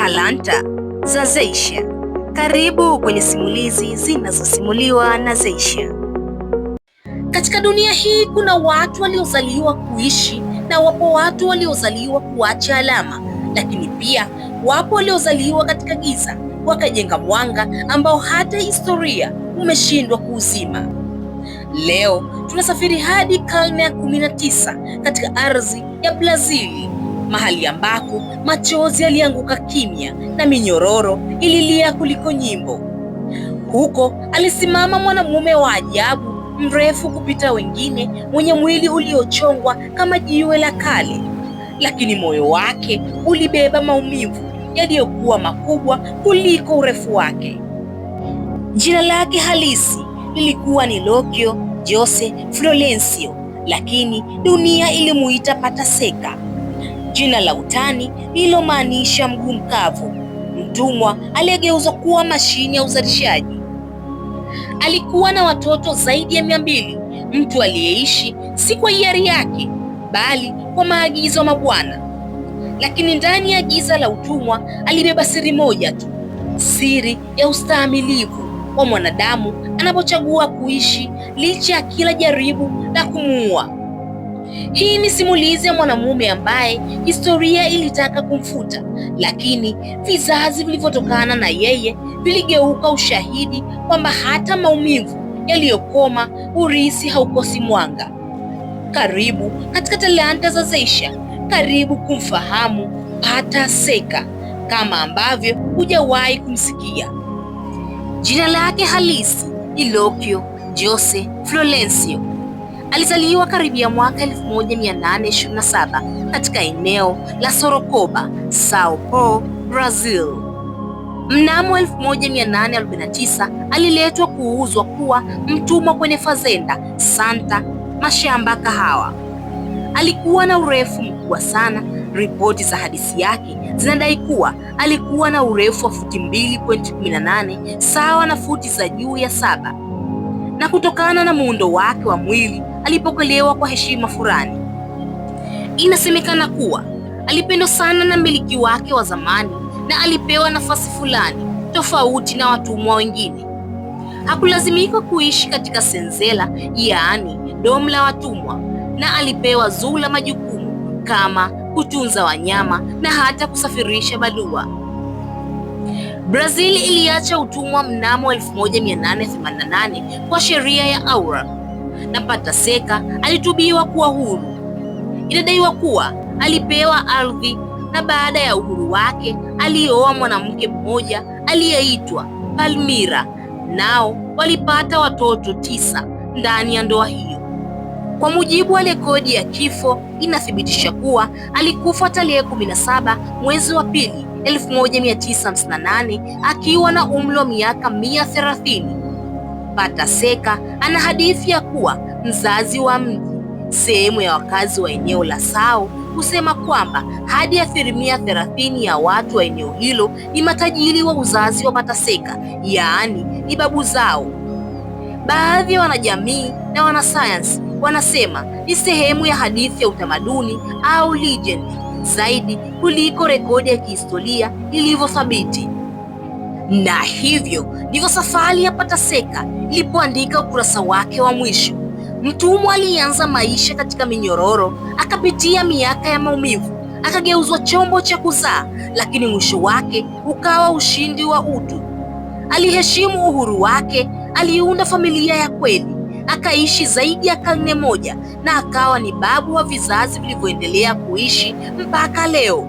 Talanta za Zeysha. Karibu kwenye simulizi zinazosimuliwa na Zeysha. Katika dunia hii kuna watu waliozaliwa kuishi na wapo watu waliozaliwa kuacha alama, lakini pia wapo waliozaliwa katika giza wakajenga mwanga ambao hata historia umeshindwa kuuzima. Leo tunasafiri hadi karne ya 19 katika ardhi ya Brazili mahali ambako machozi yalianguka kimya na minyororo ililia kuliko nyimbo. Huko alisimama mwanamume wa ajabu, mrefu kupita wengine, mwenye mwili uliochongwa kama jiwe la kale, lakini moyo wake ulibeba maumivu yaliyokuwa makubwa kuliko urefu wake. Jina lake halisi lilikuwa ni Lokio Jose Florencio, lakini dunia ilimuita Pataseka jina la utani lililomaanisha mguu mkavu, mtumwa aliyegeuzwa kuwa mashine ya uzalishaji. Alikuwa na watoto zaidi ya mia mbili, mtu aliyeishi si kwa hiari yake, bali kwa maagizo ya mabwana. Lakini ndani ya giza la utumwa alibeba siri moja tu, siri ya ustahimilivu wa mwanadamu anapochagua kuishi licha ya kila jaribu la kumuua. Hii ni simulizi ya mwanamume ambaye historia ilitaka kumfuta, lakini vizazi vilivyotokana na yeye viligeuka ushahidi kwamba hata maumivu yaliyokoma, urisi haukosi mwanga. Karibu katika Talanta za Zeysha, karibu kumfahamu Pata Seka kama ambavyo hujawahi kumsikia. Jina lake halisi ilokio Jose Florencio Alizaliwa karibia mwaka 1827 katika eneo la Sorokoba, Sao Paulo, Brazil. Mnamo 1849 aliletwa kuuzwa kuwa mtumwa kwenye fazenda Santa mashamba kahawa. Alikuwa na urefu mkubwa sana. Ripoti za hadithi yake zinadai kuwa alikuwa na urefu wa futi 2.18 sawa na futi za juu ya saba, na kutokana na muundo wake wa mwili alipokelewa kwa heshima furani Inasemekana kuwa alipendwa sana na mmiliki wake wa zamani na alipewa nafasi fulani tofauti na watumwa wengine. Hakulazimika kuishi katika senzela, yaani domu la watumwa, na alipewa zuu la majukumu kama kutunza wanyama na hata kusafirisha barua. Brazil iliacha utumwa mnamo 1888 kwa sheria ya Aura na Seka alitubiwa kuwa huru. Inadaiwa kuwa alipewa ardhi na baada ya uhuru wake alioa mwanamke mmoja aliyeitwa Palmira, nao walipata watoto tisa ndani ya ndoa hiyo. Kwa mujibu wa rekodi ya kifo inathibitisha kuwa alikufa tarehe 17 mwezi wa pili 1958 akiwa na umri wa miaka 130 Pataseka anahadithia kuwa mzazi wa mji, sehemu ya wakazi wa eneo la Sao husema kwamba hadi asilimia thelathini ya watu wa eneo hilo ni matajiri wa uzazi wa Pataseka, yaani ni babu zao. Baadhi ya wanajamii na wanasayansi wanasema ni sehemu ya hadithi ya utamaduni au legend zaidi kuliko rekodi ya kihistoria ilivyothabiti. Na hivyo ndivyo safari ya Pataseka ilipoandika ukurasa wake wa mwisho. Mtumwa alianza maisha katika minyororo, akapitia miaka ya maumivu, akageuzwa chombo cha kuzaa, lakini mwisho wake ukawa ushindi wa utu. Aliheshimu uhuru wake, aliunda familia ya kweli, akaishi zaidi ya karne moja na akawa ni babu wa vizazi vilivyoendelea kuishi mpaka leo.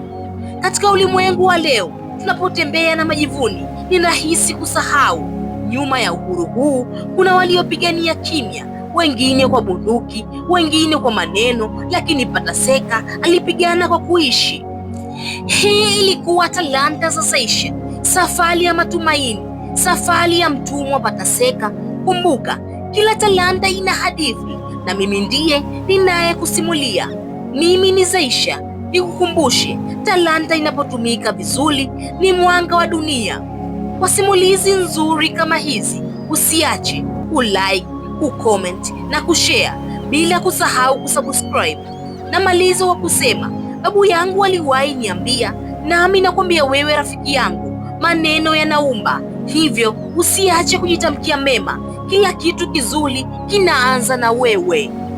Katika ulimwengu wa leo tunapotembea na majivuni ni rahisi kusahau nyuma ya uhuru huu kuna waliopigania kimya, wengine kwa bunduki, wengine kwa maneno, lakini Pataseka alipigana kwa kuishi. Hii ilikuwa talanta za Seisha, safari ya matumaini, safari ya mtumwa Pataseka. Kumbuka, kila talanta ina hadithi, na mimi ndiye ninaye kusimulia Mimi ni zaisha Nikukumbushe, talanta inapotumika vizuri ni mwanga wa dunia. Kwa simulizi nzuri kama hizi, usiache kulike, kucomment na kushare bila kusahau kusubscribe. Na malizo wa kusema babu yangu aliwahi niambia, nami nakwambia wewe rafiki yangu, maneno yanaumba, hivyo usiache kujitamkia mema. Kila kitu kizuri kinaanza na wewe.